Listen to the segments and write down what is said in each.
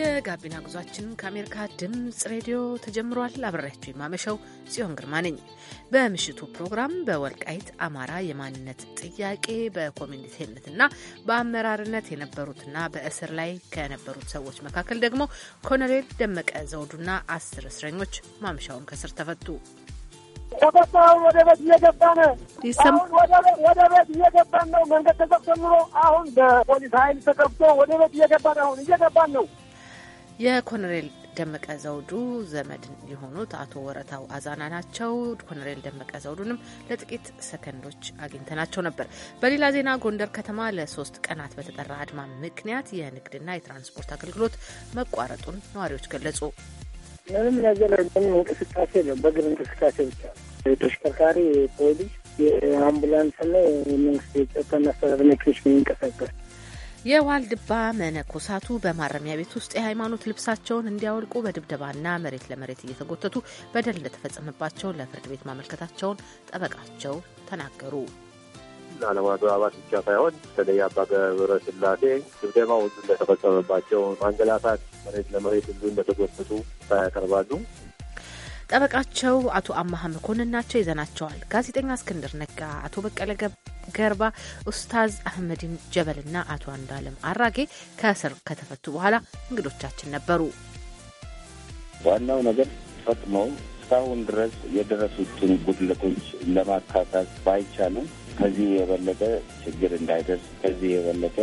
የጋቢና ጉዟችን ከአሜሪካ ድምፅ ሬዲዮ ተጀምሯል። አብሬያችሁ የማመሸው ጽዮን ግርማ ነኝ። በምሽቱ ፕሮግራም በወልቃይት አማራ የማንነት ጥያቄ በኮሚኒቴነትና በአመራርነት የነበሩትና በእስር ላይ ከነበሩት ሰዎች መካከል ደግሞ ኮሎኔል ደመቀ ዘውዱና አስር እስረኞች ማምሻውን ከስር ተፈቱ። ተፈታው ወደ ቤት እየገባን አሁን ወደ ቤት እየገባን ነው። መንገድ ተዘግቶ ኑሮ አሁን በፖሊስ ኃይል ተከብቶ ወደ ቤት እየገባን አሁን እየገባን ነው። የኮሎኔል ደመቀ ዘውዱ ዘመድ የሆኑት አቶ ወረታው አዛና ናቸው። ኮሎኔል ደመቀ ዘውዱንም ለጥቂት ሰከንዶች አግኝተናቸው ነበር። በሌላ ዜና ጎንደር ከተማ ለሶስት ቀናት በተጠራ አድማ ምክንያት የንግድና የትራንስፖርት አገልግሎት መቋረጡን ነዋሪዎች ገለጹ። ምንም ነገር ምንም እንቅስቃሴ ነው፣ በእግር እንቅስቃሴ ብቻ ተሽከርካሪ፣ ፖሊስ፣ የአምቡላንስና የመንግስት የጸጥታና አስተዳደር መኪኖች የሚንቀሳቀስ የዋልድባ መነኮሳቱ በማረሚያ ቤት ውስጥ የሃይማኖት ልብሳቸውን እንዲያወልቁ በድብደባና መሬት ለመሬት እየተጎተቱ በደል እንደተፈጸመባቸው ለፍርድ ቤት ማመልከታቸውን ጠበቃቸው ተናገሩ። አባት ብቻ ሳይሆን በተለይ አባ ገብረ ስላሴ ድብደባው እንደተፈጸመባቸው፣ ማንገላታት፣ መሬት ለመሬት ሁሉ እንደተጎተቱ ያቀርባሉ። ጠበቃቸው አቶ አማሀ መኮንን ናቸው። ይዘናቸዋል። ጋዜጠኛ እስክንድር ነጋ፣ አቶ በቀለ ገርባ፣ ኡስታዝ አህመዲን ጀበልና አቶ አንዱዓለም አራጌ ከእስር ከተፈቱ በኋላ እንግዶቻችን ነበሩ። ዋናው ነገር ፈጥመው እስካሁን ድረስ የደረሱትን ጉድለቶች ለማካካስ ባይቻልም ከዚህ የበለጠ ችግር እንዳይደርስ ከዚህ የበለጠ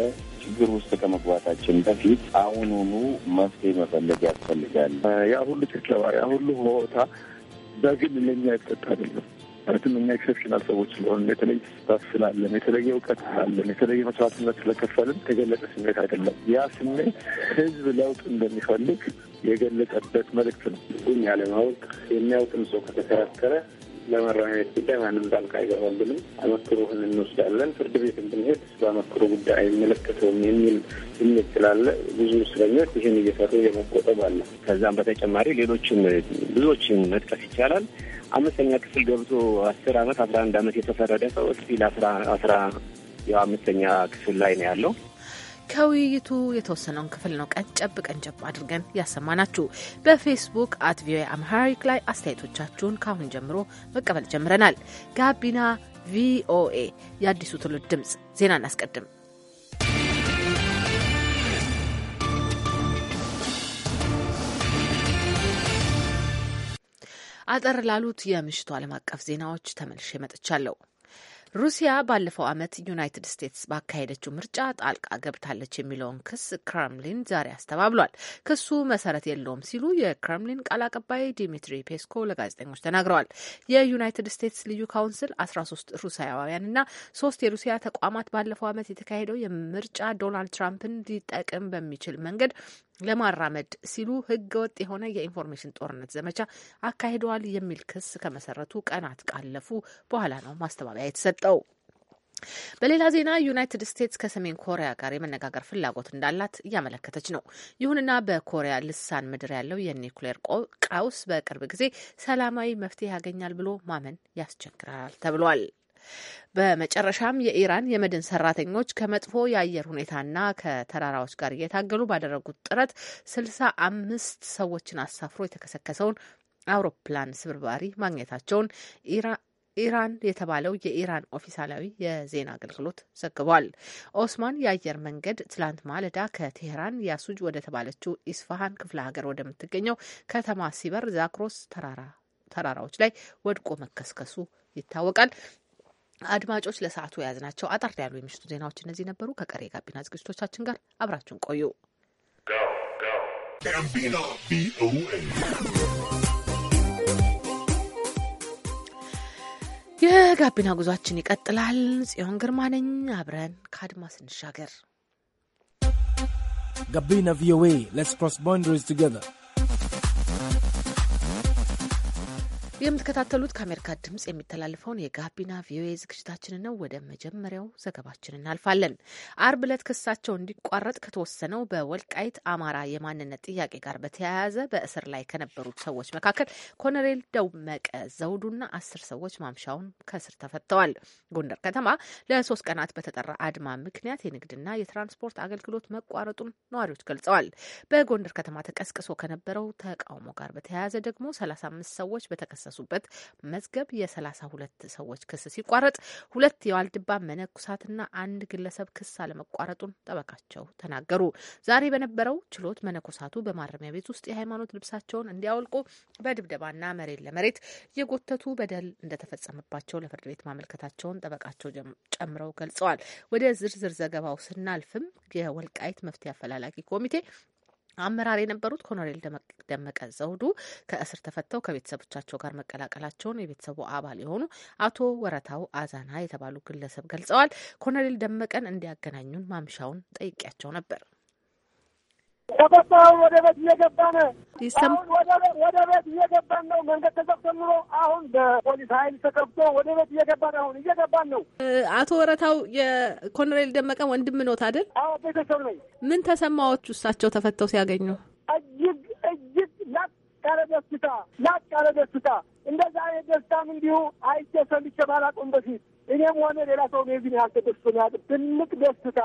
ችግር ውስጥ ከመግባታችን በፊት አሁኑኑ መፍትሄ መፈለግ ያስፈልጋል። ያ ሁሉ ጭፍለባ፣ ያ ሁሉ ሆታ በግል ለኛ የተሰጠ አይደለም። ማለትም እኛ ኤክሰፕሽናል ሰዎች ስለሆን የተለየ ስታፍ ስላለን የተለየ እውቀት ስላለን የተለየ መስዋዕትነት ስለከፈልን የተገለጠ ስሜት አይደለም። ያ ስሜት ህዝብ ለውጥ እንደሚፈልግ የገለጠበት መልእክት ነው። ያለማወቅ የሚያውቅም ሰው ከተከራከረ በመራሚያት ጉዳይ ማንም ጣልቃ አይገባልንም፣ አመክሮህን እንወስዳለን፣ ፍርድ ቤት እንድንሄድ በአመክሮ ጉዳይ አይመለከተውም የሚል ስሜት ስላለ ብዙ እስረኞች ይህን እየሰሩ የመቆጠብ አለ። ከዛም በተጨማሪ ሌሎችም ብዙዎችን መጥቀስ ይቻላል። አምስተኛ ክፍል ገብቶ አስር አመት አስራ አንድ አመት የተፈረደ ሰው እስቲ አስራ አስራ የአምስተኛ ክፍል ላይ ነው ያለው ከውይይቱ የተወሰነውን ክፍል ነው ቀንጨብ ቀንጨብ አድርገን ያሰማናችሁ። በፌስቡክ አት ቪኦኤ አምሃሪክ ላይ አስተያየቶቻችሁን ከአሁን ጀምሮ መቀበል ጀምረናል። ጋቢና ቪኦኤ የአዲሱ ትውልድ ድምፅ። ዜና እናስቀድም። አጠር ላሉት የምሽቱ ዓለም አቀፍ ዜናዎች ተመልሼ መጥቻለሁ። ሩሲያ ባለፈው ዓመት ዩናይትድ ስቴትስ ባካሄደችው ምርጫ ጣልቃ ገብታለች የሚለውን ክስ ክረምሊን ዛሬ አስተባብሏል። ክሱ መሰረት የለውም ሲሉ የክረምሊን ቃል አቀባይ ዲሚትሪ ፔስኮ ለጋዜጠኞች ተናግረዋል። የዩናይትድ ስቴትስ ልዩ ካውንስል 13 ሩሲያውያንና ሶስት የሩሲያ ተቋማት ባለፈው ዓመት የተካሄደው የምርጫ ዶናልድ ትራምፕን ሊጠቅም በሚችል መንገድ ለማራመድ ሲሉ ህገ ወጥ የሆነ የኢንፎርሜሽን ጦርነት ዘመቻ አካሂደዋል የሚል ክስ ከመሰረቱ ቀናት ካለፉ በኋላ ነው ማስተባበያ የተሰጠው። በሌላ ዜና ዩናይትድ ስቴትስ ከሰሜን ኮሪያ ጋር የመነጋገር ፍላጎት እንዳላት እያመለከተች ነው። ይሁንና በኮሪያ ልሳን ምድር ያለው የኒውክሌር ቀውስ በቅርብ ጊዜ ሰላማዊ መፍትሄ ያገኛል ብሎ ማመን ያስቸግራል ተብሏል። በመጨረሻም የኢራን የመድን ሰራተኞች ከመጥፎ የአየር ሁኔታና ከተራራዎች ጋር እየታገሉ ባደረጉት ጥረት ስልሳ አምስት ሰዎችን አሳፍሮ የተከሰከሰውን አውሮፕላን ስብርባሪ ማግኘታቸውን ኢራን የተባለው የኢራን ኦፊሳላዊ የዜና አገልግሎት ዘግቧል። ኦስማን የአየር መንገድ ትላንት ማለዳ ከቴሄራን ያሱጅ ወደ ተባለችው ኢስፋሃን ክፍለ ሀገር ወደምትገኘው ከተማ ሲበር ዛክሮስ ተራራዎች ላይ ወድቆ መከስከሱ ይታወቃል። አድማጮች ለሰዓቱ የያዝናቸው አጠር ያሉ የምሽቱ ዜናዎች እነዚህ ነበሩ። ከቀሪ የጋቢና ዝግጅቶቻችን ጋር አብራችሁን ቆዩ። የጋቢና ጉዟችን ይቀጥላል። ጽዮን ግርማ ነኝ። አብረን ከአድማ ስንሻገር ጋቢና ቪኦኤ ሌትስ ክሮስ ባውንደሪስ ቱጌዘር የምትከታተሉት ከአሜሪካ ድምጽ የሚተላለፈውን የጋቢና ቪኦኤ ዝግጅታችንን ነው። ወደ መጀመሪያው ዘገባችን እናልፋለን። አርብ ዕለት ክሳቸው እንዲቋረጥ ከተወሰነው በወልቃይት አማራ የማንነት ጥያቄ ጋር በተያያዘ በእስር ላይ ከነበሩት ሰዎች መካከል ኮሎኔል ደመቀ ዘውዱና አስር ሰዎች ማምሻውን ከእስር ተፈተዋል። ጎንደር ከተማ ለሶስት ቀናት በተጠራ አድማ ምክንያት የንግድና የትራንስፖርት አገልግሎት መቋረጡን ነዋሪዎች ገልጸዋል። በጎንደር ከተማ ተቀስቅሶ ከነበረው ተቃውሞ ጋር በተያያዘ ደግሞ ሰላሳ አምስት ሰዎች በተከሰ የተከሰሱበት መዝገብ የሰላሳ ሁለት ሰዎች ክስ ሲቋረጥ ሁለት የዋልድባ መነኮሳትና አንድ ግለሰብ ክስ አለመቋረጡን ጠበቃቸው ተናገሩ። ዛሬ በነበረው ችሎት መነኮሳቱ በማረሚያ ቤት ውስጥ የሃይማኖት ልብሳቸውን እንዲያወልቁ በድብደባና መሬት ለመሬት የጎተቱ በደል እንደተፈጸመባቸው ለፍርድ ቤት ማመልከታቸውን ጠበቃቸው ጨምረው ገልጸዋል። ወደ ዝርዝር ዘገባው ስናልፍም የወልቃይት መፍትሄ አፈላላጊ ኮሚቴ አመራር የነበሩት ኮሎኔል ደመቀ ዘውዱ ከእስር ተፈተው ከቤተሰቦቻቸው ጋር መቀላቀላቸውን የቤተሰቡ አባል የሆኑ አቶ ወረታው አዛና የተባሉ ግለሰብ ገልጸዋል። ኮሎኔል ደመቀን እንዲያገናኙን ማምሻውን ጠይቄያቸው ነበር። ተቆጣው ወደ ቤት እየገባ አሁን ወደ ቤት እየገባን ነው። መንገድ ተዘግቶ ኑሮ አሁን በፖሊስ ኃይል ተከብቶ ወደ ቤት እየገባ እየገባን አሁን እየገባን ነው። አቶ ወረታው የኮሎኔል ደመቀ ወንድም ኖት አይደል? አዎ ቤተሰብ ነኝ። ምን ተሰማዎች? እሳቸው ተፈተው ሲያገኙ እጅግ እጅግ ላቅ ያለ ደስታ ላቅ ያለ ደስታ። እንደ ዛሬ ደስታም እንዲሁ አይቼ ሰምቼ ባላቁም በፊት እኔም ሆነ ሌላ ሰው የዚህን ያህል ተደስቶ ያቅ ትልቅ ደስታ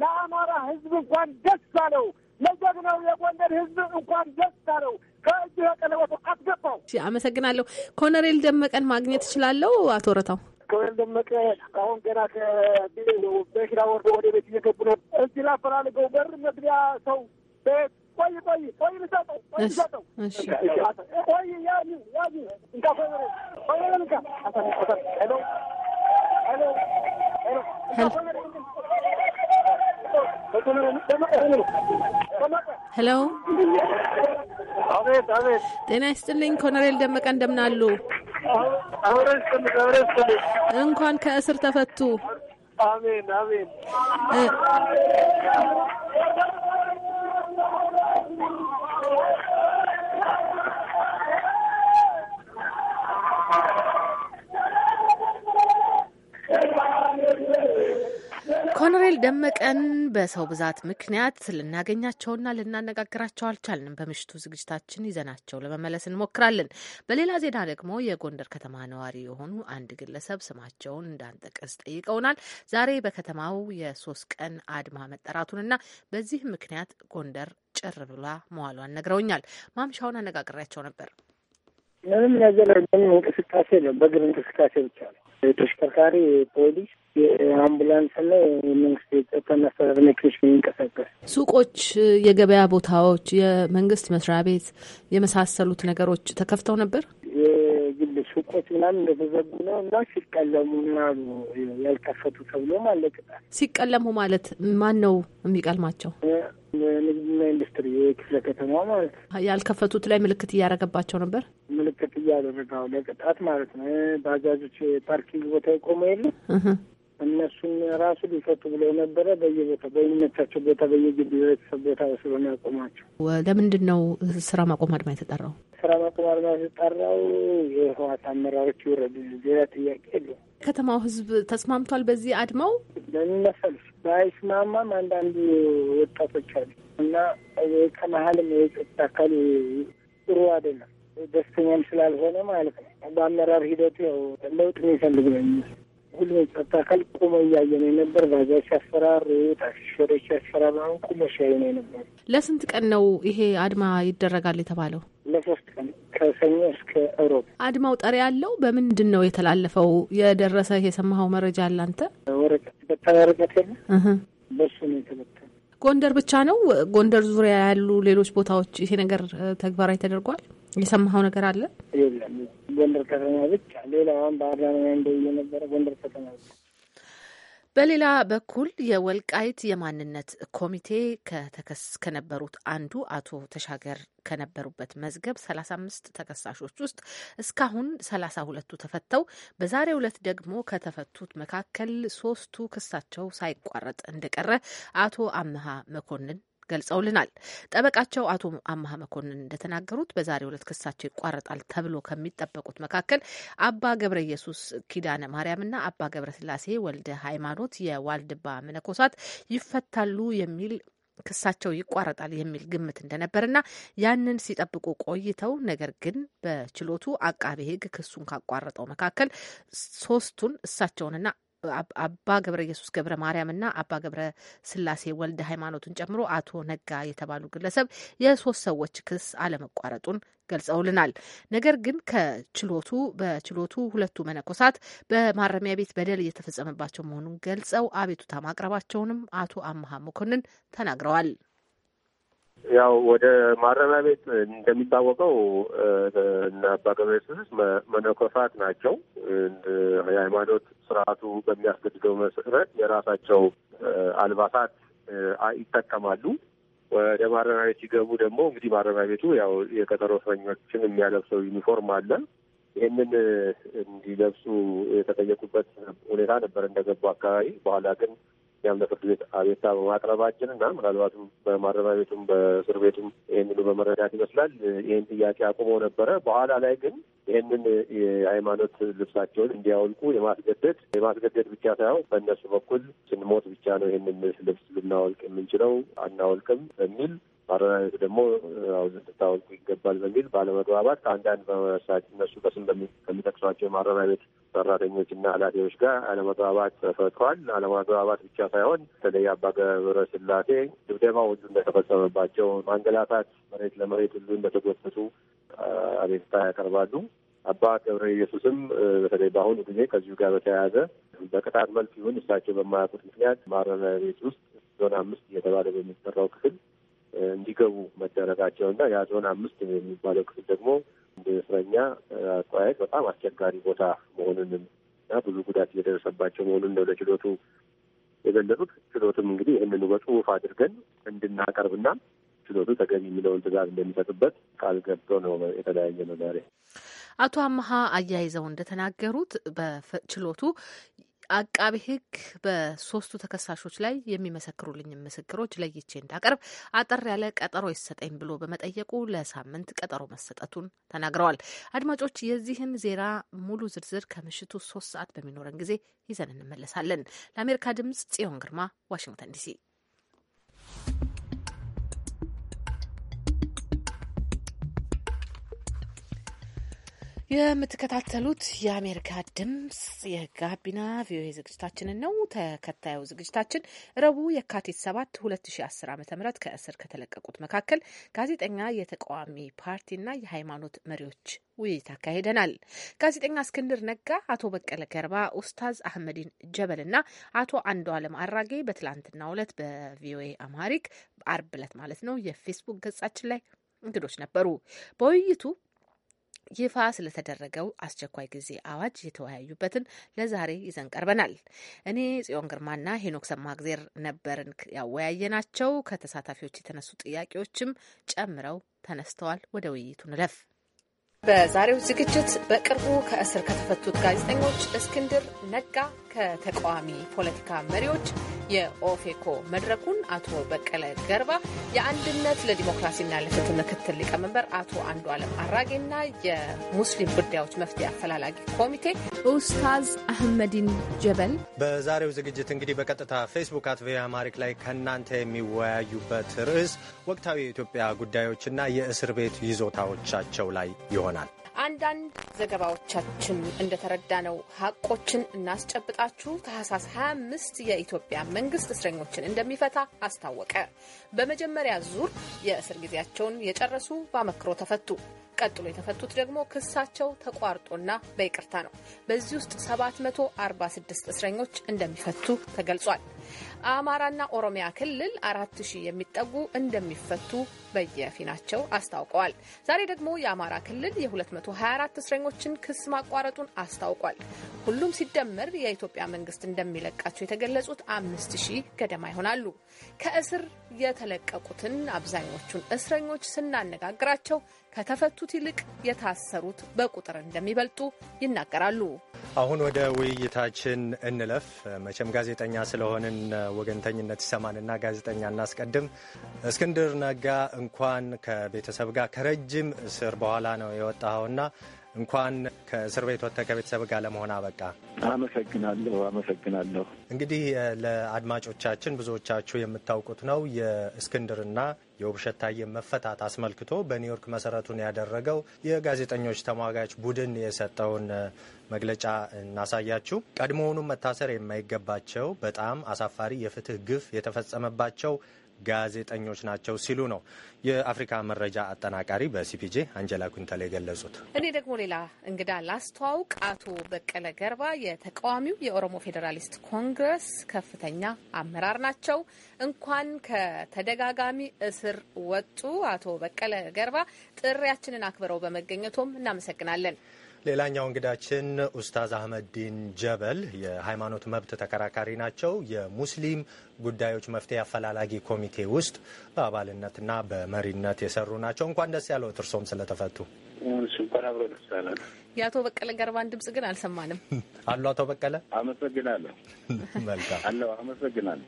ለአማራ ህዝብ እንኳን ደስ አለው። ለጀግናው የጎንደር ህዝብ እንኳን ደስ ነው። ከእጅ ቀለበቱ አስገባው። አመሰግናለሁ። ኮሎኔል ደመቀን ማግኘት እችላለሁ? አቶ ረታው ኮሎኔል ደመቀ አሁን ገና ከመኪና ወርዶ ወደ ቤት እየገቡ ነው። እዚህ ላፈላልገው በር መግቢያ ሰው ቤት ቆይ ቆይ ቆይ ልሰጠው ቆይ ልሰጠው ቆይ ያዙ ያዙ እንካ ቆይ እንካ ሄሎ ሄሎ፣ አቤት፣ አቤት። ጤና ይስጥልኝ ኮሎኔል ደመቀ እንደምን አሉ? እንኳን ከእስር ተፈቱ። አሜን፣ አሜን። ኮሎኔል ደመቀን በሰው ብዛት ምክንያት ልናገኛቸውና ልናነጋግራቸው አልቻልንም። በምሽቱ ዝግጅታችን ይዘናቸው ለመመለስ እንሞክራለን። በሌላ ዜና ደግሞ የጎንደር ከተማ ነዋሪ የሆኑ አንድ ግለሰብ ስማቸውን እንዳንጠቀስ ጠይቀውናል። ዛሬ በከተማው የሶስት ቀን አድማ መጠራቱንና በዚህ ምክንያት ጎንደር ጭር ብላ መዋሏን ነግረውኛል። ማምሻውን አነጋግሬያቸው ነበር። ምንም ነገር እንቅስቃሴ ነው፣ በእግር እንቅስቃሴ ብቻ ነው። ተሽከርካሪ ፖሊስ፣ የአምቡላንስና የመንግስት የጸጥታና አስተዳደር መኪኖች የሚንቀሳቀስ ሱቆች፣ የገበያ ቦታዎች፣ የመንግስት መስሪያ ቤት የመሳሰሉት ነገሮች ተከፍተው ነበር። ሱቆች ምናምን እንደተዘጉ ነው እና ሲቀለሙ ምናሉ ያልከፈቱ ተብሎ ማለት ነው። ሲቀለሙ ማለት ማን ነው የሚቀልማቸው? ንግድና ኢንዱስትሪ የክፍለ ከተማ ማለት ነው። ያልከፈቱት ላይ ምልክት እያደረገባቸው ነበር። ምልክት እያደረገው ለቅጣት ማለት ነው። ባጃጆች ፓርኪንግ ቦታ የቆመ የለም እነሱን ራሱ ሊፈቱ ብለው ነበረ። በየቦታ በሚመቻቸው ቦታ በየግቢ ቤተሰብ ቦታ ስለሆነ ያቆማቸው። ለምንድን ነው ስራ ማቆም አድማ የተጠራው? ስራ ማቆም አድማ የተጠራው የህወሓት አመራሮች ይውረዱ፣ ሌላ ጥያቄ የለውም። ከተማው ህዝብ ተስማምቷል። በዚህ አድማው ለምን መሰለሽ ባይስማማም አንዳንድ ወጣቶች አሉ እና ከመሀልም የጸጥታ አካል ጥሩ አይደለም፣ ደስተኛም ስላልሆነ ማለት ነው። በአመራር ሂደቱ ያው ለውጥ የሚፈልግ ነው ሁሉም የጸጥታ አካል ቁመ እያየነ ነበር። ባጃጅ ሲያስፈራሩ፣ ታክሲ ሾፌሮች አሁን ቁመ ሲያዩን ነበር። ለስንት ቀን ነው ይሄ አድማ ይደረጋል የተባለው? ለሶስት ቀን ከሰኞ እስከ እሮብ። አድማው ጠሪ ያለው በምንድን ነው የተላለፈው? የደረሰ የሰማኸው መረጃ አለ አንተ? ወረቀት በታ ወረቀት የለ በሱ ነው የተበታ ጎንደር ብቻ ነው? ጎንደር ዙሪያ ያሉ ሌሎች ቦታዎች ይሄ ነገር ተግባራዊ ተደርጓል? የሰማኸው ነገር አለ? የለም፣ ጎንደር ከተማ ብቻ። ሌላ ባህር ዳር እንደ የነበረ ጎንደር ከተማ ብቻ በሌላ በኩል የወልቃይት የማንነት ኮሚቴ ከተከስ ከነበሩት አንዱ አቶ ተሻገር ከነበሩበት መዝገብ 35 ተከሳሾች ውስጥ እስካሁን 32ቱ ተፈተው በዛሬው ዕለት ደግሞ ከተፈቱት መካከል ሶስቱ ክሳቸው ሳይቋረጥ እንደቀረ አቶ አመሃ መኮንን ገልጸውልናል። ጠበቃቸው አቶ አማሀ መኮንን እንደተናገሩት በዛሬው ዕለት ክሳቸው ይቋረጣል ተብሎ ከሚጠበቁት መካከል አባ ገብረ ኢየሱስ ኪዳነ ማርያምና አባ ገብረ ስላሴ ወልደ ሃይማኖት የዋልድባ መነኮሳት ይፈታሉ የሚል ክሳቸው ይቋረጣል የሚል ግምት እንደነበርና ያንን ሲጠብቁ ቆይተው ነገር ግን በችሎቱ አቃቤ ሕግ ክሱን ካቋረጠው መካከል ሶስቱን እሳቸውንና አባ ገብረ ኢየሱስ ገብረ ማርያምና አባ ገብረ ስላሴ ወልደ ሃይማኖትን ጨምሮ አቶ ነጋ የተባሉ ግለሰብ የሶስት ሰዎች ክስ አለመቋረጡን ገልጸውልናል። ነገር ግን ከችሎቱ በችሎቱ ሁለቱ መነኮሳት በማረሚያ ቤት በደል እየተፈጸመባቸው መሆኑን ገልጸው አቤቱታ ማቅረባቸውንም አቶ አመሀ መኮንን ተናግረዋል። ያው ወደ ማረሚያ ቤት እንደሚታወቀው እና አባገበስ መነኮሳት ናቸው። የሃይማኖት ስርዓቱ በሚያስገድደው መሰረት የራሳቸው አልባሳት ይጠቀማሉ። ወደ ማረሚያ ቤት ሲገቡ ደግሞ እንግዲህ ማረሚያ ቤቱ ያው የቀጠሮ እስረኞችን የሚያለብሰው ዩኒፎርም አለ። ይህንን እንዲለብሱ የተጠየቁበት ሁኔታ ነበር እንደገቡ አካባቢ። በኋላ ግን ያም ለፍርድ ቤት አቤታ በማቅረባችን እና ምናልባትም በማረሚያ ቤቱም በእስር ቤቱም ይህንኑ በመረዳት ይመስላል ይህን ጥያቄ አቁመው ነበረ። በኋላ ላይ ግን ይህንን የሃይማኖት ልብሳቸውን እንዲያወልቁ የማስገደድ የማስገደድ ብቻ ሳይሆን በእነሱ በኩል ስንሞት ብቻ ነው ይህንን ልብስ ልናወልቅ የምንችለው አናወልቅም በሚል ማረሚያ ቤቱ ደግሞ ልታወልቁ ይገባል በሚል ባለመግባባት አንዳንድ በመሳት እነሱ በስም ከሚጠቅሷቸው ማረሚያ ቤት ሰራተኞችና ኃላፊዎች ጋር አለመግባባት ተፈጥሯል። አለመግባባት ብቻ ሳይሆን በተለይ አባ ገብረ ስላሴ ድብደባ ሁሉ እንደተፈጸመባቸው፣ ማንገላታት መሬት ለመሬት ሁሉ እንደተጎተቱ አቤቱታ ያቀርባሉ። አባ ገብረ ኢየሱስም በተለይ በአሁኑ ጊዜ ከዚሁ ጋር በተያያዘ በቅጣት መልክ ይሁን እሳቸው በማያውቁት ምክንያት ማረሚያ ቤት ውስጥ ዞን አምስት እየተባለ በሚጠራው ክፍል እንዲገቡ መደረጋቸው እና ያ ዞን አምስት የሚባለው ክፍል ደግሞ እንደ እስረኛ አጠያየቅ በጣም አስቸጋሪ ቦታ መሆኑንም እና ብዙ ጉዳት እየደረሰባቸው መሆኑን ነው ለችሎቱ የገለጹት። ችሎቱም እንግዲህ ይህንን በጽሁፍ አድርገን እንድናቀርብና ችሎቱ ተገቢ የሚለውን ትዕዛዝ እንደሚሰጥበት ቃል ገብቶ ነው የተለያየ ነው ዛሬ። አቶ አመሀ አያይዘው እንደተናገሩት በችሎቱ አቃቢ ሕግ በሶስቱ ተከሳሾች ላይ የሚመሰክሩልኝን ምስክሮች ለይቼ እንዳቀርብ አጠር ያለ ቀጠሮ ይሰጠኝ ብሎ በመጠየቁ ለሳምንት ቀጠሮ መሰጠቱን ተናግረዋል። አድማጮች የዚህን ዜና ሙሉ ዝርዝር ከምሽቱ ሶስት ሰዓት በሚኖረን ጊዜ ይዘን እንመለሳለን። ለአሜሪካ ድምጽ ጽዮን ግርማ ዋሽንግተን ዲሲ የምትከታተሉት የአሜሪካ ድምጽ የጋቢና ቪኦኤ ዝግጅታችንን ነው። ተከታዩ ዝግጅታችን ረቡዕ የካቲት 7 2010 ዓ ም ከእስር ከተለቀቁት መካከል ጋዜጠኛ፣ የተቃዋሚ ፓርቲና የሃይማኖት መሪዎች ውይይት አካሂደናል። ጋዜጠኛ እስክንድር ነጋ፣ አቶ በቀለ ገርባ፣ ኡስታዝ አህመዲን ጀበልና አቶ አንዱ አለም አራጌ በትላንትናው ዕለት በቪኦኤ አማሪክ አርብ ዕለት ማለት ነው የፌስቡክ ገጻችን ላይ እንግዶች ነበሩ። በውይይቱ ይፋ ስለተደረገው አስቸኳይ ጊዜ አዋጅ የተወያዩበትን ለዛሬ ይዘን ቀርበናል። እኔ ጽዮን ግርማና ሄኖክ ሰማግዜር ነበርን ያወያየናቸው። ከተሳታፊዎች የተነሱ ጥያቄዎችም ጨምረው ተነስተዋል። ወደ ውይይቱ ንለፍ። በዛሬው ዝግጅት በቅርቡ ከእስር ከተፈቱት ጋዜጠኞች እስክንድር ነጋ ከተቃዋሚ ፖለቲካ መሪዎች የኦፌኮ መድረኩን አቶ በቀለ ገርባ፣ የአንድነት ለዲሞክራሲና ለፍትህ ምክትል ሊቀመንበር አቶ አንዱ አለም አራጌና የሙስሊም ጉዳዮች መፍትሄ አፈላላጊ ኮሚቴ ኡስታዝ አህመዲን ጀበል በዛሬው ዝግጅት እንግዲህ በቀጥታ ፌስቡክ አት ቪኦኤ አማሪክ ላይ ከእናንተ የሚወያዩበት ርዕስ ወቅታዊ የኢትዮጵያ ጉዳዮችና የእስር ቤት ይዞታዎቻቸው ላይ ይሆናል። አንዳንድ ዘገባዎቻችን እንደተረዳ ነው ሀቆችን እናስጨብጣችሁ ታህሳስ 25 የኢትዮጵያ መንግስት እስረኞችን እንደሚፈታ አስታወቀ። በመጀመሪያ ዙር የእስር ጊዜያቸውን የጨረሱ በአመክሮ ተፈቱ። ቀጥሎ የተፈቱት ደግሞ ክሳቸው ተቋርጦና በይቅርታ ነው። በዚህ ውስጥ 746 እስረኞች እንደሚፈቱ ተገልጿል። አማራና ኦሮሚያ ክልል አራት ሺህ የሚጠጉ እንደሚፈቱ በየፊናቸው አስታውቀዋል። ዛሬ ደግሞ የአማራ ክልል የ224 እስረኞችን ክስ ማቋረጡን አስታውቋል። ሁሉም ሲደመር የኢትዮጵያ መንግስት እንደሚለቃቸው የተገለጹት አምስት ሺህ ገደማ ይሆናሉ። ከእስር የተለቀቁትን አብዛኞቹን እስረኞች ስናነጋግራቸው ከተፈቱት ይልቅ የታሰሩት በቁጥር እንደሚበልጡ ይናገራሉ። አሁን ወደ ውይይታችን እንለፍ። መቼም ጋዜጠኛ ስለሆንን ወገንተኝነት ይሰማንና ጋዜጠኛ እናስቀድም። እስክንድር ነጋ እንኳን ከቤተሰብ ጋር ከረጅም እስር በኋላ ነው የወጣኸውና እንኳን ከእስር ቤት ወጥተህ ከቤተሰብ ጋር ለመሆን አበቃ። አመሰግናለሁ። አመሰግናለሁ። እንግዲህ ለአድማጮቻችን ብዙዎቻችሁ የምታውቁት ነው የእስክንድርና የውብሸት መፈታት አስመልክቶ በኒውዮርክ መሰረቱን ያደረገው የጋዜጠኞች ተሟጋች ቡድን የሰጠውን መግለጫ እናሳያችሁ። ቀድሞውኑ መታሰር የማይገባቸው በጣም አሳፋሪ የፍትህ ግፍ የተፈጸመባቸው ጋዜጠኞች ናቸው ሲሉ ነው የአፍሪካ መረጃ አጠናቃሪ በሲፒጄ አንጀላ ኩንተል የገለጹት። እኔ ደግሞ ሌላ እንግዳ ላስተዋውቅ። አቶ በቀለ ገርባ የተቃዋሚው የኦሮሞ ፌዴራሊስት ኮንግረስ ከፍተኛ አመራር ናቸው። እንኳን ከተደጋጋሚ እስር ወጡ። አቶ በቀለ ገርባ ጥሪያችንን አክብረው በመገኘቱም እናመሰግናለን። ሌላኛው እንግዳችን ኡስታዝ አህመድዲን ጀበል የሃይማኖት መብት ተከራካሪ ናቸው። የሙስሊም ጉዳዮች መፍትሄ አፈላላጊ ኮሚቴ ውስጥ በአባልነትና በመሪነት የሰሩ ናቸው። እንኳን ደስ ያለው እርሶም ስለተፈቱ። የአቶ በቀለ ገርባን ድምጽ ግን አልሰማንም። አሉ አቶ በቀለ አመሰግናለሁ። መልካም አለው። አመሰግናለሁ።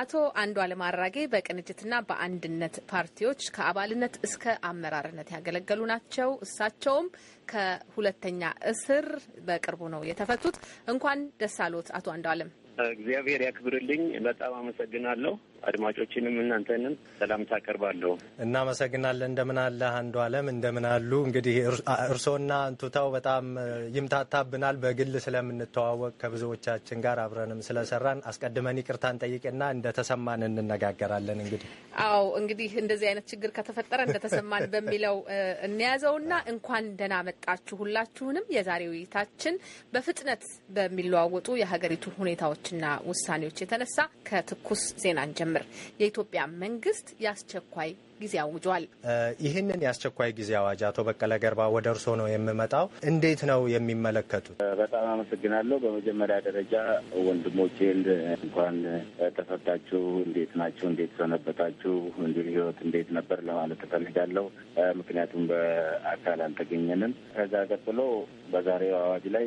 አቶ አንዱ አለም አራጌ በቅንጅትና በአንድነት ፓርቲዎች ከአባልነት እስከ አመራርነት ያገለገሉ ናቸው። እሳቸውም ከሁለተኛ እስር በቅርቡ ነው የተፈቱት። እንኳን ደስ አሎት አቶ አንዱ አለም። እግዚአብሔር ያክብርልኝ። በጣም አመሰግናለሁ። አድማጮችንም እናንተንም ሰላምታ አቀርባለሁ። እናመሰግናለን። እንደምን አለ አንዱ አለም እንደምን አሉ። እንግዲህ እርሶና እንቱታው በጣም ይምታታብናል። በግል ስለምንተዋወቅ ከብዙዎቻችን ጋር አብረንም ስለሰራን አስቀድመን ይቅርታን ጠይቅና እንደተሰማን እንነጋገራለን። እንግዲህ አዎ፣ እንግዲህ እንደዚህ አይነት ችግር ከተፈጠረ እንደተሰማን በሚለው እንያዘውና እንኳን ደህና መጣችሁ ሁላችሁንም። የዛሬ ውይይታችን በፍጥነት በሚለዋወጡ የሀገሪቱ ሁኔታዎችና ውሳኔዎች የተነሳ ከትኩስ ዜና እንጀምር ጭምር የኢትዮጵያ መንግስት የአስቸኳይ ጊዜ አውጇል። ይህንን የአስቸኳይ ጊዜ አዋጅ አቶ በቀለ ገርባ ወደ እርሶ ነው የምመጣው። እንዴት ነው የሚመለከቱት? በጣም አመሰግናለሁ። በመጀመሪያ ደረጃ ወንድሞቼ እንኳን ተፈታችሁ፣ እንዴት ናችሁ? እንዴት ሰነበታችሁ? እንዲህ ህይወት እንዴት ነበር ለማለት እፈልጋለሁ። ምክንያቱም በአካል አልተገኘንም። ከዛ ቀጥሎ በዛሬው አዋጅ ላይ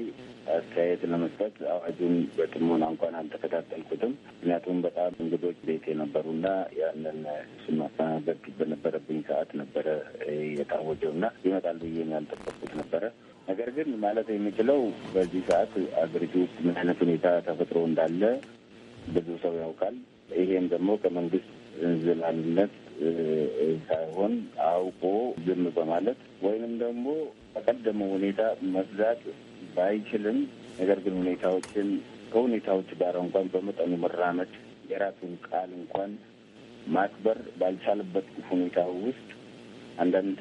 አስተያየት ለመስጠት አዋጁን በጥሞና እንኳን አልተከታተልኩትም። ምክንያቱም በጣም እንግዶች ቤት የነበሩና ያንን ስናስተናገድ በነበረብኝ ሰዓት ነበረ የታወጀው እና ይመጣል ብዬ ያልጠበቁት ነበረ። ነገር ግን ማለት የምችለው በዚህ ሰዓት አገሪቱ ውስጥ ምን አይነት ሁኔታ ተፈጥሮ እንዳለ ብዙ ሰው ያውቃል። ይሄም ደግሞ ከመንግስት ዝላልነት ሳይሆን አውቆ ዝም በማለት ወይንም ደግሞ በቀደመ ሁኔታ መግዛት ባይችልም ነገር ግን ሁኔታዎችን ከሁኔታዎች ጋር እንኳን በመጠኑ መራመድ የራሱን ቃል እንኳን ማክበር ባልቻለበት ሁኔታ ውስጥ አንዳንድ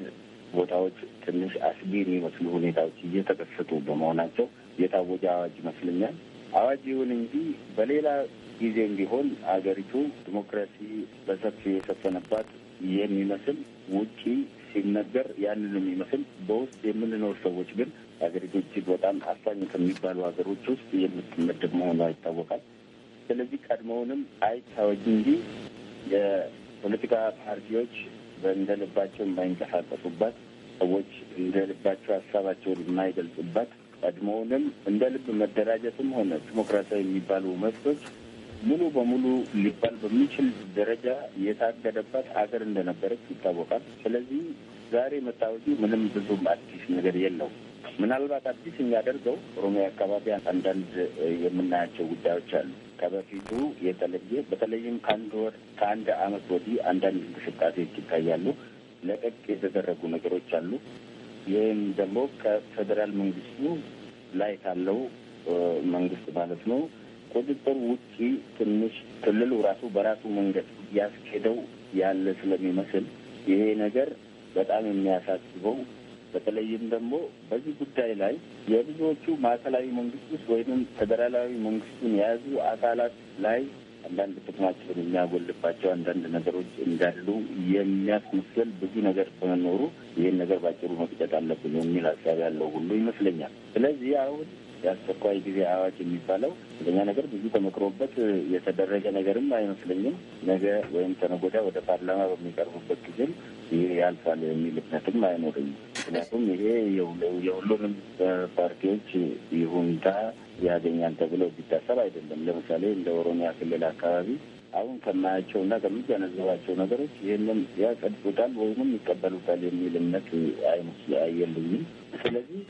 ቦታዎች ትንሽ አስጊ የሚመስሉ ሁኔታዎች እየተከሰቱ በመሆናቸው የታወጀ አዋጅ ይመስለኛል። አዋጅ ይሁን እንጂ በሌላ ጊዜም ቢሆን አገሪቱ ዲሞክራሲ በሰፊ የሰፈነባት የሚመስል ውጪ ሲነገር ያንን የሚመስል በውስጥ የምንኖር ሰዎች ግን ሀገሪቱ እጅግ በጣም አፋኝ ከሚባሉ ሀገሮች ውስጥ የምትመደብ መሆኗ ይታወቃል። ስለዚህ ቀድሞውንም አይ ታወጅ እንጂ የፖለቲካ ፓርቲዎች እንደ ልባቸው የማይንቀሳቀሱበት፣ ሰዎች እንደ ልባቸው ሀሳባቸውን የማይገልጹበት፣ ቀድሞውንም እንደ ልብ መደራጀትም ሆነ ዲሞክራሲያዊ የሚባሉ መብቶች ሙሉ በሙሉ ሊባል በሚችል ደረጃ የታገደባት አገር እንደነበረች ይታወቃል። ስለዚህ ዛሬ መታወቂ ምንም ብዙም አዲስ ነገር የለው። ምናልባት አዲስ የሚያደርገው ኦሮሚያ አካባቢ አንዳንድ የምናያቸው ጉዳዮች አሉ። ከበፊቱ የተለየ በተለይም ከአንድ ወር ከአንድ አመት ወዲህ አንዳንድ እንቅስቃሴዎች ይታያሉ። ለቀቅ የተደረጉ ነገሮች አሉ። ይህም ደግሞ ከፌዴራል መንግስቱ ላይ ካለው መንግስት ማለት ነው ቁጥጥር ውጪ ትንሽ ክልሉ ራሱ በራሱ መንገድ ያስኬደው ያለ ስለሚመስል ይሄ ነገር በጣም የሚያሳስበው በተለይም ደግሞ በዚህ ጉዳይ ላይ የብዙዎቹ ማዕከላዊ መንግስት ውስጥ ወይም ፌዴራላዊ መንግስቱን የያዙ አካላት ላይ አንዳንድ ጥቅማቸውን የሚያጎልባቸው አንዳንድ ነገሮች እንዳሉ የሚያስመስል ብዙ ነገር በመኖሩ ይህን ነገር ባጭሩ መቅጨት አለብን የሚል ሀሳብ ያለው ሁሉ ይመስለኛል። ስለዚህ አሁን የአስቸኳይ ጊዜ አዋጅ የሚባለው አንደኛ ነገር ብዙ ተመክሮበት የተደረገ ነገርም አይመስለኝም። ነገ ወይም ተነጎዳ ወደ ፓርላማ በሚቀርቡበት ጊዜም ይህ ያልፋል የሚል እምነትም አይኖረኝም። ምክንያቱም ይሄ የሁሉንም ፓርቲዎች ይሁንታ ያገኛል ተብሎ ቢታሰብ አይደለም። ለምሳሌ እንደ ኦሮሚያ ክልል አካባቢ አሁን ከማያቸው እና ከሚገነዘባቸው ነገሮች ይህንን ያጸድቁታል ወይም ይቀበሉታል የሚል እምነት አይመስል አየልኝም። ስለዚህ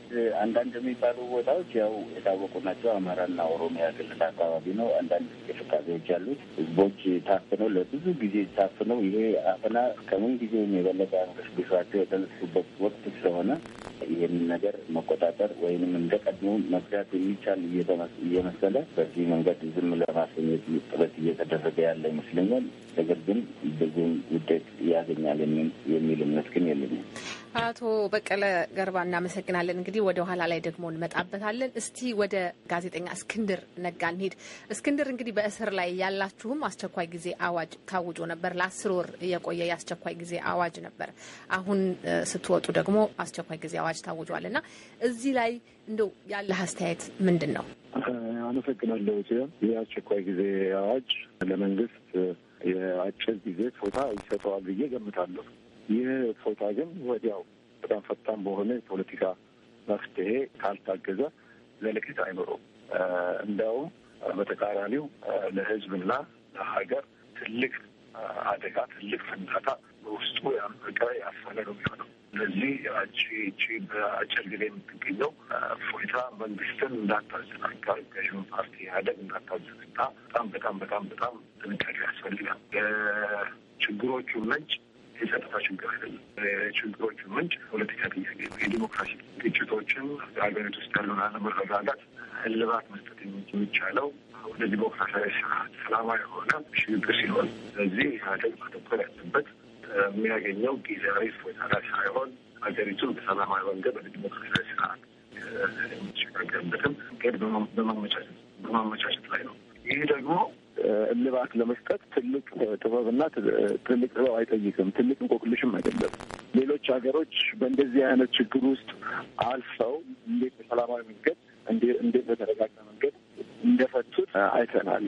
አንዳንድ የሚባሉ ቦታዎች ያው የታወቁ ናቸው። አማራና ኦሮሚያ ክልል አካባቢ ነው አንዳንድ እንቅስቃሴዎች ያሉት ህዝቦች ታፍነው ለብዙ ጊዜ ታፍነው ይሄ አፈና ከምን ጊዜም የበለጠ አንገሽግሿቸው የተነሱበት ወቅት ስለሆነ ይህንን ነገር መቆጣጠር ወይንም እንደ ቀድሞ መዝጋት የሚቻል እየመሰለ በዚህ መንገድ ዝም ለማሰኘት ጥረት እየተደረገ ያለ ይመስለኛል። ነገር ግን ብዙም ውጤት ያገኛል የሚል እምነት ግን የለኝም። አቶ በቀለ ገርባ እናመሰግናለን። እንግዲህ ወደ ኋላ ላይ ደግሞ እንመጣበታለን። እስቲ ወደ ጋዜጠኛ እስክንድር ነጋ እንሂድ። እስክንድር እንግዲህ በእስር ላይ ያላችሁም አስቸኳይ ጊዜ አዋጅ ታውጆ ነበር። ለአስር ወር የቆየ የአስቸኳይ ጊዜ አዋጅ ነበር። አሁን ስትወጡ ደግሞ አስቸኳይ ጊዜ አዋጅ ታውጇል እና እዚህ ላይ እንደው ያለህ አስተያየት ምንድን ነው? አመሰግናለሁ። ሲሆን የአስቸኳይ ጊዜ አዋጅ ለመንግስት የአጭር ጊዜ ቦታ ይሰጠዋል ብዬ ገምታለሁ። ይህ ፎታ ግን ወዲያው በጣም ፈጣን በሆነ የፖለቲካ መፍትሄ ካልታገዘ ዘለቄታ አይኖረውም። እንዲያውም በተቃራኒው ለሕዝብና ለሀገር ትልቅ አደጋ፣ ትልቅ ፍንዳታ በውስጡ ያመቀ ያፈነ ነው የሚሆነው። ስለዚህ አቺ ቺ በአጭር ጊዜ የምትገኘው ፎይታ መንግስትን እንዳታዘናጋ፣ ገዥውን ፓርቲ ኢህአዴግ እንዳታዘናጋ በጣም በጣም በጣም በጣም ጥንቃቄ ያስፈልጋል። ችግሮቹ ምንጭ የጸጥታ ችግር አይደለም። የችግሮቹ ምንጭ ፖለቲካ ጥያቄ፣ የዲሞክራሲ ግጭቶችን ሀገሪቱ ውስጥ ያለውን አለመረጋጋት እልባት መስጠት የሚቻለው ወደ ዲሞክራሲያዊ ስርዓት ሰላማዊ የሆነ ሽግግር ሲሆን፣ ስለዚህ ኢህአዴግ ማተኮር ያለበት የሚያገኘው ጊዜያዊ ፎታዳ ሳይሆን ሀገሪቱ በሰላማዊ መንገድ ወደ ዲሞክራሲያዊ ስርዓት የሚሸጋገርበትም ገድ በማመቻቸት ላይ ነው። ይህ ደግሞ እልባት ለመስጠት ትልቅ ጥበብና ትልቅ ጥበብ አይጠይቅም፣ ትልቅ እንቆቅልሽም አይደለም። ሌሎች ሀገሮች በእንደዚህ አይነት ችግር ውስጥ አልፈው እንዴት በሰላማዊ መንገድ እንዴት በተረጋጋ መንገድ እንደፈቱት አይተናል።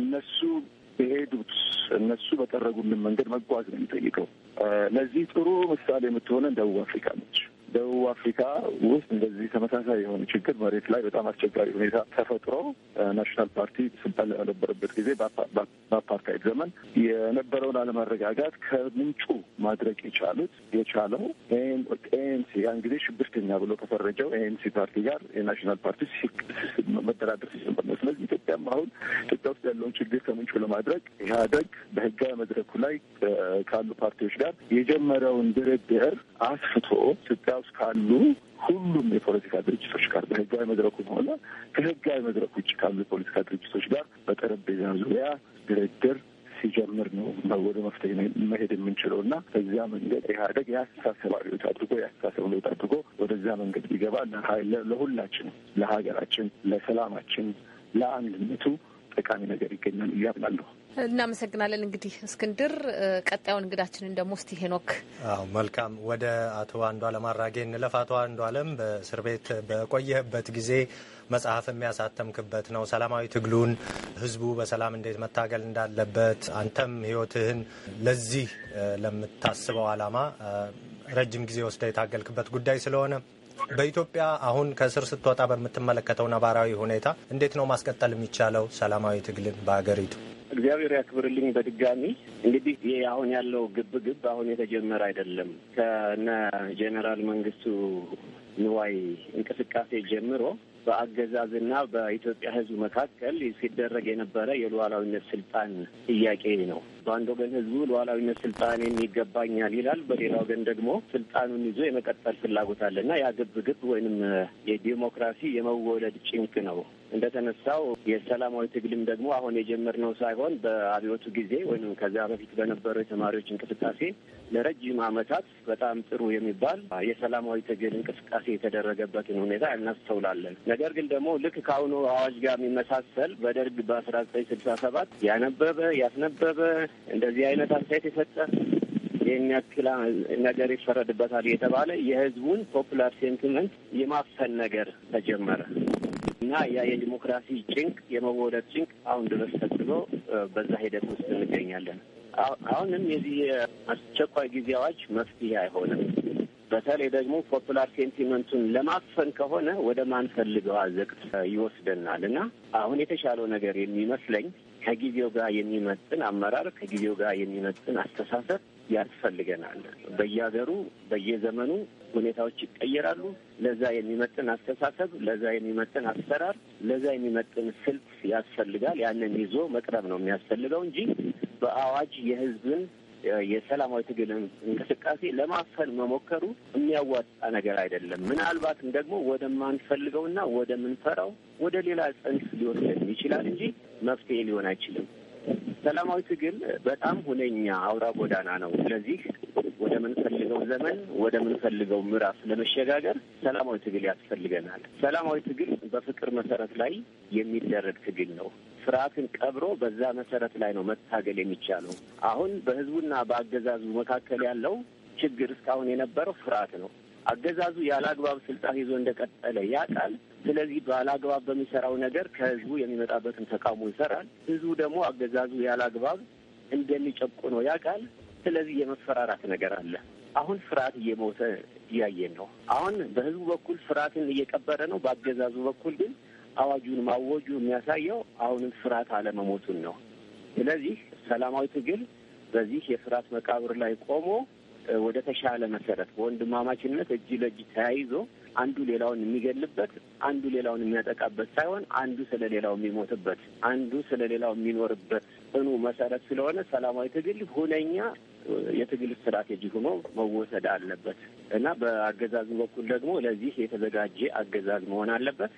እነሱ የሄዱት እነሱ በጠረጉልን መንገድ መጓዝ ነው የሚጠይቀው። ለዚህ ጥሩ ምሳሌ የምትሆነ ደቡብ አፍሪካ ነች። ደቡብ አፍሪካ ውስጥ እንደዚህ ተመሳሳይ የሆነ ችግር መሬት ላይ በጣም አስቸጋሪ ሁኔታ ተፈጥሮ ናሽናል ፓርቲ ስልጣን ላይ በነበረበት ጊዜ በአፓርታይድ ዘመን የነበረውን አለመረጋጋት ከምንጩ ማድረግ የቻሉት የቻለው ኤኤንሲ ያን ጊዜ ሽብርተኛ ብሎ ከፈረጀው ኤኤንሲ ፓርቲ ጋር የናሽናል ፓርቲ መደራደር ሲጀምር ነው። ስለዚህ ኢትዮጵያም አሁን ኢትዮጵያ ውስጥ ያለውን ችግር ከምንጩ ለማድረግ ኢህአደግ በህጋዊ መድረኩ ላይ ካሉ ፓርቲዎች ጋር የጀመረውን ድርድር አስፍቶ ኢትዮጵያ ውስጥ ካሉ ሁሉም የፖለቲካ ድርጅቶች ጋር በህጋዊ መድረኩም ሆነ ከህጋዊ መድረክ ውጭ ካሉ የፖለቲካ ድርጅቶች ጋር በጠረጴዛ ዙሪያ ድርድር ሲጀምር ነው ወደ መፍትሄ መሄድ የምንችለው እና በዚያ መንገድ ኢህአደግ የአስተሳሰብ አብዮት አድርጎ የአስተሳሰብ ለውጥ አድርጎ ወደዚያ መንገድ ቢገባ ለሁላችን፣ ለሀገራችን፣ ለሰላማችን፣ ለአንድነቱ ጠቃሚ ነገር ይገኛል እያምናለሁ። እናመሰግናለን። እንግዲህ እስክንድር፣ ቀጣዩን እንግዳችንን ደግሞ እስቲ ሄኖክ። አዎ መልካም፣ ወደ አቶ አንዱ አለም አራጌ እንለፍ። አቶ አንዱ አለም በእስር ቤት በቆየህበት ጊዜ መጽሐፍ የሚያሳተምክበት ነው። ሰላማዊ ትግሉን ህዝቡ በሰላም እንዴት መታገል እንዳለበት አንተም ህይወትህን ለዚህ ለምታስበው አላማ ረጅም ጊዜ ወስደ የታገልክበት ጉዳይ ስለሆነ በኢትዮጵያ አሁን ከእስር ስትወጣ በምትመለከተው ነባራዊ ሁኔታ እንዴት ነው ማስቀጠል የሚቻለው ሰላማዊ ትግልን በሀገሪቱ? እግዚአብሔር ያክብርልኝ። በድጋሚ እንግዲህ ይህ አሁን ያለው ግብ ግብ አሁን የተጀመረ አይደለም። ከነ ጄኔራል መንግስቱ ንዋይ እንቅስቃሴ ጀምሮ በአገዛዝና በኢትዮጵያ ሕዝብ መካከል ሲደረግ የነበረ የሉዓላዊነት ስልጣን ጥያቄ ነው። በአንድ ወገን ሕዝቡ ሉዓላዊነት ስልጣን ይገባኛል ይላል፣ በሌላ ወገን ደግሞ ስልጣኑን ይዞ የመቀጠል ፍላጎት አለና ያ ግብ ግብ ወይንም የዲሞክራሲ የመወለድ ጭንቅ ነው። እንደተነሳው የሰላማዊ ትግልም ደግሞ አሁን የጀመርነው ሳይሆን በአብዮቱ ጊዜ ወይም ከዚያ በፊት በነበረው የተማሪዎች እንቅስቃሴ ለረጅም ዓመታት በጣም ጥሩ የሚባል የሰላማዊ ትግል እንቅስቃሴ የተደረገበትን ሁኔታ እናስተውላለን። ነገር ግን ደግሞ ልክ ከአሁኑ አዋጅ ጋር የሚመሳሰል በደርግ በአስራ ዘጠኝ ስልሳ ሰባት ያነበበ ያስነበበ እንደዚህ አይነት አስተያየት የሰጠ ይህን ያክል ነገር ይፈረድበታል የተባለ የህዝቡን ፖፑላር ሴንቲመንት የማፈን ነገር ተጀመረ። እና ያ የዲሞክራሲ ጭንቅ የመወደድ ጭንቅ አሁን ድረስ ተጥሎ በዛ ሂደት ውስጥ እንገኛለን። አሁንም የዚህ አስቸኳይ ጊዜ አዋጅ መፍትሄ አይሆንም። በተለይ ደግሞ ፖፑላር ሴንቲመንቱን ለማፈን ከሆነ ወደ ማንፈልገው አዘቅት ይወስደናል እና አሁን የተሻለው ነገር የሚመስለኝ ከጊዜው ጋር የሚመጥን አመራር፣ ከጊዜው ጋር የሚመጥን አስተሳሰብ ያስፈልገናል። በየሀገሩ በየዘመኑ ሁኔታዎች ይቀየራሉ። ለዛ የሚመጥን አስተሳሰብ፣ ለዛ የሚመጥን አሰራር፣ ለዛ የሚመጥን ስልት ያስፈልጋል። ያንን ይዞ መቅረብ ነው የሚያስፈልገው እንጂ በአዋጅ የህዝብን የሰላማዊ ትግል እንቅስቃሴ ለማፈን መሞከሩ የሚያዋጣ ነገር አይደለም። ምናልባትም ደግሞ ወደማንፈልገውና ወደምንፈራው ወደ ሌላ ጽንፍ ሊወስደን ይችላል እንጂ መፍትሄ ሊሆን አይችልም። ሰላማዊ ትግል በጣም ሁነኛ አውራ ጎዳና ነው። ስለዚህ ወደ ምንፈልገው ዘመን ወደ ምንፈልገው ምዕራፍ ለመሸጋገር ሰላማዊ ትግል ያስፈልገናል። ሰላማዊ ትግል በፍቅር መሰረት ላይ የሚደረግ ትግል ነው። ስርዓትን ቀብሮ በዛ መሰረት ላይ ነው መታገል የሚቻለው። አሁን በህዝቡና በአገዛዙ መካከል ያለው ችግር እስካሁን የነበረው ፍርሃት ነው። አገዛዙ የአላግባብ ስልጣን ይዞ እንደቀጠለ ያውቃል። ስለዚህ ባላግባብ በሚሰራው ነገር ከህዝቡ የሚመጣበትን ተቃውሞ ይሰራል። ህዝቡ ደግሞ አገዛዙ ያለ እንደሚጨቁ ነው ያውቃል። ስለዚህ የመፈራራት ነገር አለ። አሁን ፍርሃት እየሞተ እያየን ነው። አሁን በህዝቡ በኩል ፍርሃትን እየቀበረ ነው። በአገዛዙ በኩል ግን አዋጁን ማወጁ የሚያሳየው አሁንም ፍርሃት አለመሞቱን ነው። ስለዚህ ሰላማዊ ትግል በዚህ የፍርሃት መቃብር ላይ ቆሞ ወደ ተሻለ መሰረት በወንድማማችነት እጅ ለእጅ ተያይዞ አንዱ ሌላውን የሚገልበት አንዱ ሌላውን የሚያጠቃበት ሳይሆን አንዱ ስለ ሌላው የሚሞትበት አንዱ ስለ ሌላው የሚኖርበት እኑ መሰረት ስለሆነ ሰላማዊ ትግል ሁነኛ የትግል ስትራቴጂ ሆኖ መወሰድ አለበት እና በአገዛዙ በኩል ደግሞ ለዚህ የተዘጋጀ አገዛዝ መሆን አለበት።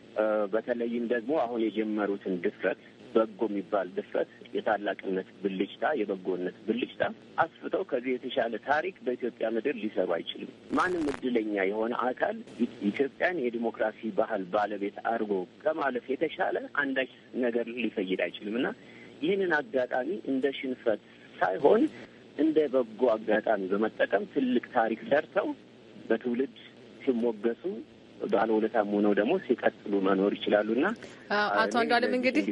በተለይም ደግሞ አሁን የጀመሩትን ድፍረት በጎ የሚባል ድፍረት፣ የታላቅነት ብልጭታ፣ የበጎነት ብልጭታ አስፍተው ከዚህ የተሻለ ታሪክ በኢትዮጵያ ምድር ሊሰሩ አይችልም። ማንም እድለኛ የሆነ አካል ኢትዮጵያን የዲሞክራሲ ባህል ባለቤት አድርጎ ከማለፍ የተሻለ አንዳች ነገር ሊፈይድ አይችልም እና ይህንን አጋጣሚ እንደ ሽንፈት ሳይሆን እንደ በጎ አጋጣሚ በመጠቀም ትልቅ ታሪክ ሰርተው በትውልድ ሲሞገሱ ባለውለታም ሆነው ደግሞ ሲቀጥሉ መኖር ና አቶ አንዷለም እንግዲህ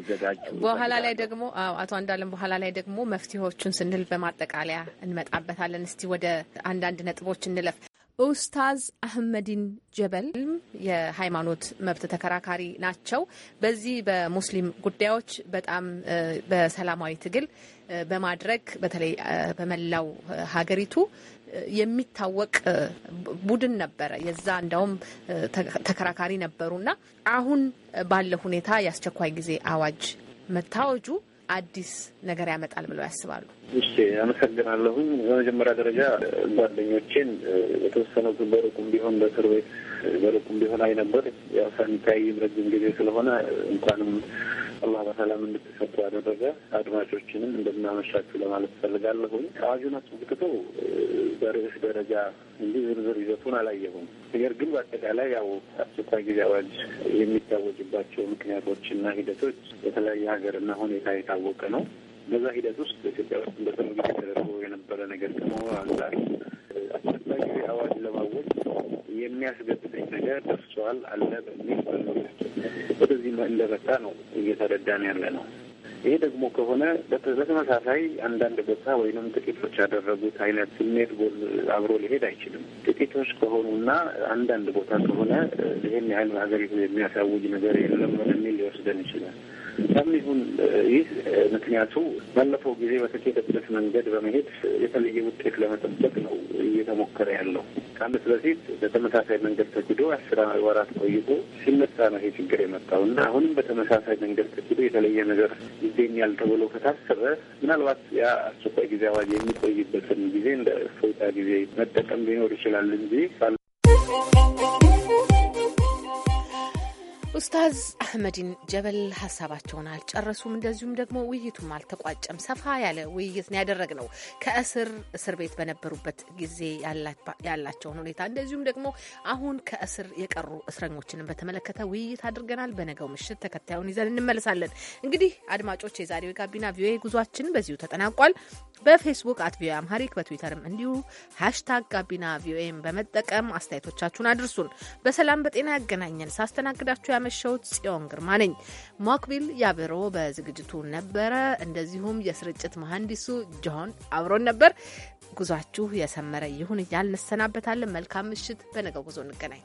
በኋላ ላይ ደግሞ አቶ አንዳለም በኋላ ላይ ደግሞ መፍትሄዎቹን ስንል በማጠቃለያ እንመጣበታለን። እስቲ ወደ አንዳንድ ነጥቦች እንለፍ። ኡስታዝ አህመዲን ጀበል የሃይማኖት መብት ተከራካሪ ናቸው። በዚህ በሙስሊም ጉዳዮች በጣም በሰላማዊ ትግል በማድረግ በተለይ በመላው ሀገሪቱ የሚታወቅ ቡድን ነበረ። የዛ እንደውም ተከራካሪ ነበሩና አሁን ባለ ሁኔታ የአስቸኳይ ጊዜ አዋጅ መታወጁ አዲስ ነገር ያመጣል ብለው ያስባሉ? እሺ አመሰግናለሁኝ። በመጀመሪያ ደረጃ ጓደኞቼን የተወሰነ በሩቁም ቢሆን በእስር ቤት በሩቁም ቢሆን አይ ነበር። ያው ሳንታይም ረጅም ጊዜ ስለሆነ እንኳንም አላህ በሰላም እንድትሰጡ አደረገ። አድማጮችንም እንደምናመሻችሁ ለማለት ፈልጋለሁኝ። አዋጁን አስመልክተው በርዕስ ደረጃ እንጂ ዝርዝር ይዘቱን አላየሁም። ነገር ግን በአጠቃላይ ያው አስቸኳይ ጊዜ አዋጅ የሚታወጅባቸው ምክንያቶች እና ሂደቶች በተለያየ ሀገርና ሁኔታ የታወቀ ነው። በዛ ሂደት ውስጥ በኢትዮጵያ ውስጥ በሰሙ ጊዜ ተደርጎ የነበረ ነገር ደግሞ አንጻር አስፈላጊ አዋጅ ለማወጅ የሚያስገድደኝ ነገር ደርሷል አለ በሚል በመግለጽ ወደዚህ እንደመጣ ነው እየተረዳን ያለ ነው። ይሄ ደግሞ ከሆነ በተመሳሳይ አንዳንድ ቦታ ወይንም ጥቂቶች ያደረጉት አይነት ስሜት ጎል አብሮ ሊሄድ አይችልም። ጥቂቶች ከሆኑና አንዳንድ ቦታ ከሆነ ይህን ያህል ሀገሪቱ የሚያሳውጅ ነገር የለም ወደሚል ሊወስደን ይችላል። ያም ይሁን ይህ ምክንያቱ ባለፈው ጊዜ በተኬደበት መንገድ በመሄድ የተለየ ውጤት ለመጠበቅ ነው እየተሞከረ ያለው። ከአመት በፊት በተመሳሳይ መንገድ ተጉዶ አስር ወራት ቆይቶ ሲነሳ ነው ይሄ ችግር የመጣው እና አሁንም በተመሳሳይ መንገድ ተጉዶ የተለየ ነገር ይገኛል ተብሎ ከታሰበ ምናልባት ያ አስቸኳይ ጊዜ አዋጅ የሚቆይበትን ጊዜ እንደ እፎይታ ጊዜ መጠቀም ሊኖር ይችላል እንጂ ኡስታዝ አህመዲን ጀበል ሀሳባቸውን አልጨረሱም። እንደዚሁም ደግሞ ውይይቱም አልተቋጨም። ሰፋ ያለ ውይይት ነው ያደረግነው ከእስር እስር ቤት በነበሩበት ጊዜ ያላቸውን ሁኔታ፣ እንደዚሁም ደግሞ አሁን ከእስር የቀሩ እስረኞችንም በተመለከተ ውይይት አድርገናል። በነገው ምሽት ተከታዩን ይዘን እንመለሳለን። እንግዲህ አድማጮች፣ የዛሬው የጋቢና ቪኦኤ ጉዟችን በዚሁ ተጠናቋል። በፌስቡክ አት ቪኦኤ አምሃሪክ በትዊተርም እንዲሁ ሀሽታግ ጋቢና ቪኦኤም በመጠቀም አስተያየቶቻችሁን አድርሱን። በሰላም በጤና ያገናኘን። ሳስተናግዳችሁ ያመሸሁት ጽዮን ግርማ ነኝ። ሞክቢል ያብሮ በዝግጅቱ ነበረ። እንደዚሁም የስርጭት መሐንዲሱ ጆን አብሮን ነበር። ጉዟችሁ የሰመረ ይሁን እያልን እንሰናበታለን። መልካም ምሽት። በነገ ጉዞ እንገናኝ።